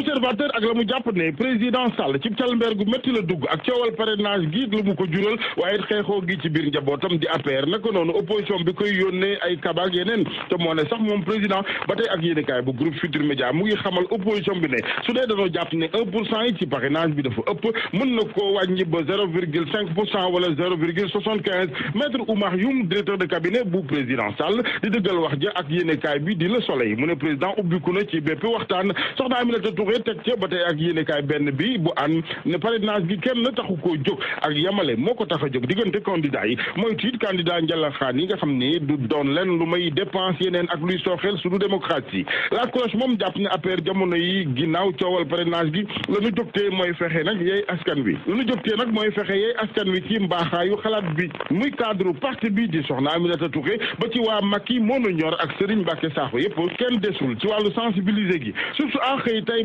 l'observateur ak la mu jàpp ne président Sall ci calmbeer gu métti la dugg ak coowal parrainage gi la mu ko jural waaye xeexoo gi ci biir njabootam di APR naka noonu opposition bi koy yónnee ay kabaak yeneen te moo sax moom président ba tey ak yéenekaay bu groupe Futur Média mu ngi xamal opposition bi ne su dee dañoo jàpp ne yi ci parrainage bi dafa ëpp mën na koo wàññi ba wala zéro virgule soixante directeur de cabinet bu président Sall di dëggal wax foofee teg ca ba tey ak yéenekaay benn bi bu an ne parrainage gi kenn taxu koo jóg ak yamale moo ko tax a jóg diggante candidat yi mooy tiit candidat njalaxaan yi nga xam ni du doon leen lu may dépense yeneen ak luy sooxeel suñu démocratie la cloche moom jàpp ne affaire jamono yi ginnaaw coowal parrainage gi la ñu jógtee mooy fexe nag yeey askan wi la ñu jógtee nag mooy fexe yeey askan wi ci mbaaxaayu xalaat bi muy cadre parti bi di soxna Aminata Touré ba ci waa Macky moo nu ñor ak Serigne Mbacké Sakho yëpp kenn desul ci wàllu sensibiliser gi surtout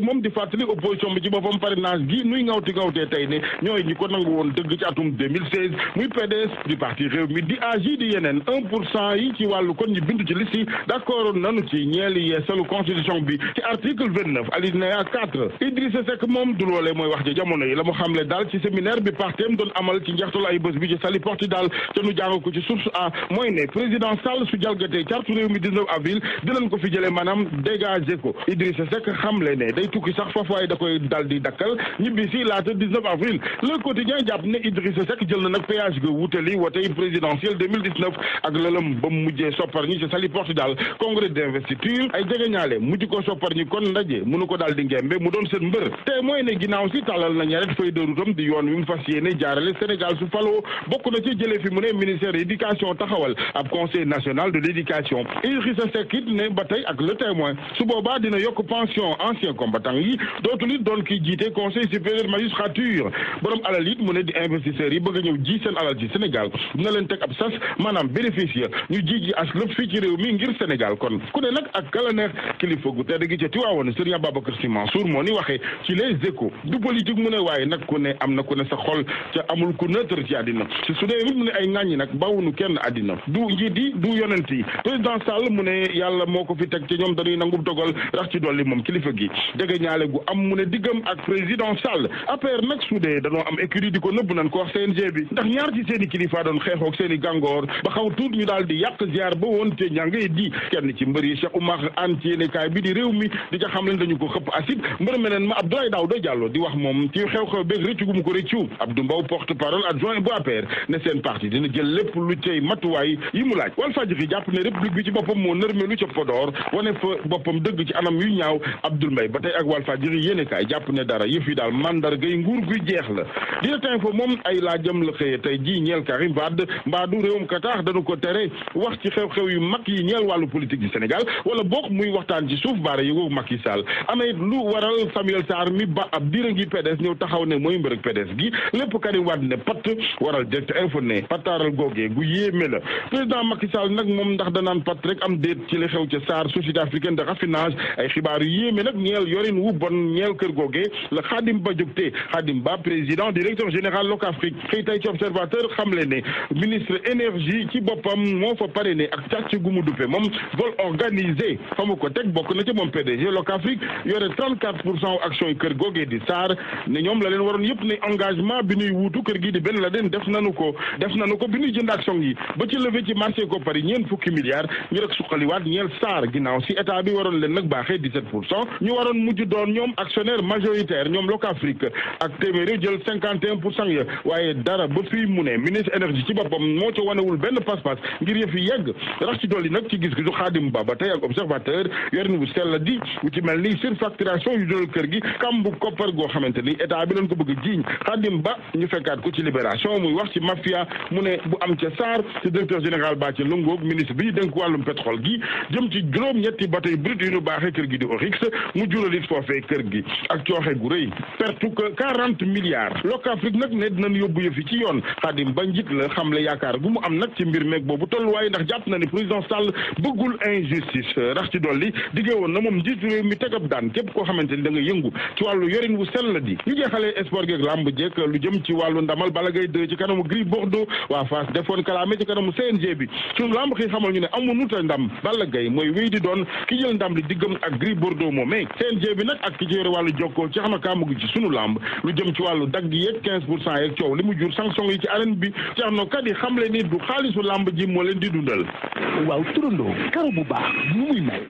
moom di fàttali opposition bi ci boppam parrainage gi nuy ngawti ngawtee tey ne ñooy ñi ko nangu woon dëgg ci atum 2016 muy PDS di parti réew mi di AJ di yeneen un pour cent yi ci wàllu kon ñu bindu ci liste d'accord nanu ci ñeeli yeesalu constitution bi ci article 29 alinéa 4 Idrissa moom du loolee mooy wax ji jamono yi la mu xamle daal ci séminaire bi partem doon amal ci njeextalu ay bés bi ci Saly Portudal te nu jàng ko ci source a mooy ne tukki sax foofu waaye da koy dal di dakkal ñibbi si laata 19 avril le quotidien jàpp ne Idrissa Seck jël na nag péage ga wutali wotey présidentielle 2019 ak lëlëm ba mu mujjee soppar ñi ci Saly Portudal congrès d'investiture ay jegeñaale mujj ko soppar ñi kon ndaje mënu ko daal di ngembe mu doon seen mbër te ne ginnaaw si tàllal nañu rek feuille de di yoon wi mu fas yéene jaarale Sénégal su faloo bokk na ci jëlee fi mu ne ministère naatang yi dootul it doon kii jiite conseil supérieur magistrature borom alal it mu ne di investisseurs yi bëgg a ñëw ji seen alal ci Sénégal na leen teg ab sas maanaam bénéfice ya ñu ji ji as lëpp fii ci réew mi ngir Sénégal kon ku ne nag ak kala neex kilifa gu tedd gi ca Tiwaawoon Sëriñ Ababacar Sy Mansour moo ni waxee ci les du politique mu ne waaye nag ku ne am na ku ne sa xol ca amul ku neutre ci àddina si su mu ne ay ŋàññi yi du yonent feeñaale gu am mu ne diggam ak président Sall APR nag su dee danoo am écurie di ko nëbb nañ ko wax CNG bi ndax ñaar ci seen kilifa doon xeexoog seen gàngoor ba xaw tuut ñu daal di yàq ziar ba woon ci xew-xew beeg rëccu gu mu ko rëccu Abdou Mbow porte-parole adjoint bu APR ne seen parti dina jël lépp lu cay matuwaay yi mu laaj Walf Fadjri jàpp ne république bi ci boppam moo nërmelu ca Podor wane fa boppam dëgg ci anam yu ñaaw Abdoul Mbaye ba ak Walfadjri yéenekaay jàpp ne dara yëf yi daal mandargay nguur gu jeex la Direct Info moom ay laajam la xëyee tey jii ñeel Karim Wade mbaa du réewum Qatar dañu ko tere wax ci xew-xew yu mag yi ñeel wàllu politique du Sénégal wala bokk muy waxtaan ci suuf baara yëgoog Macky Sall amee lu waral Samuel Sarr mi ba ab dira ngi PDS ñëw taxaw ne mooy mbërëg PDS gi lépp Karim Wade ne patt waral Direct Info ne pattaaral googee gu yéeme la président Macky Sall doxalin wu bon ñeel kër googee la Khadim Ba jóg te Khadim Ba président directeur général Locafrique xëy tay ci observateur xamle ne ministre énergie ci boppam moo fa pare ne ak càcc gu mu duppe moom vol organisé fa ko teg bokk na ci moom PDG Locafrique yore 34 pour cent action yi kër googee di SAR ne ñoom la leen waroon yëpp ne engagement bi ñuy wuutu kër gi di benn la den def nanu ko def nanu ko bi ñuy jënd action yi ba ci levé ci marché ko Paris ñeen fukki milliards ngir bi waroon leen nag baaxee 17 pour cent ñu doon ñoom actionnaire majoritaire ñoom Locafrique ak téeméeri jël cinquante et un pour cent ya waaye dara ba fii mu ne ministre énergie ci boppam moo ca wanewul benn pas-pas ngir yëf yi yegg rax ci dolli nag ci gis-gisu Xaadim Ba ba tey ak observateur yorin bu sell di wu ci mel ni surfacturation yu dul kër gi kambu koppar goo xamante ni état bi lañ ko bëgg jiiñ Xaadim Ba ñu fekkaat ko ci libération muy wax ci mafia mu ne bu am ca Sarr ba ci bi dénk wàllum pétrole gi jëm ci juróom-ñetti bateau brut yu ñu baaxee kër gi di Oryx foofee kër gi ak cooxe gu rëy perte que quarante milliards Locafrique nag ne dinañ yóbbu yëf yi ci yoon xadim ba njit la xam yaakaar gu mu am nag ci mbir meeg boobu tolluwaay ndax jàpp na ni président Sall bëggul injustice rax ci dolli diggée woon na moom njiitu réew mi tegab daan képp koo xamante ni da nga yëngu ci wàllu yorin wu sell la di ñu jeexalee sport geeg làmb jekk lu jëm ci wàllu ndamal Balla Gaye 2 ci kanamu Gris Bordeaux waa Fass defoon kalaame bi nag ak ki ci yore wàllu jokkoo ci xama kaamu gi ci sunu lamb lu jëm ci wàllu dagg yeeg quinze pour cent yeeg coow li mu jur sanction yi ci arène bi ci xam kat yi xam le ni xaalisu lamb ji moo leen di dundal waaw turandoo karo bu baax nu muy mel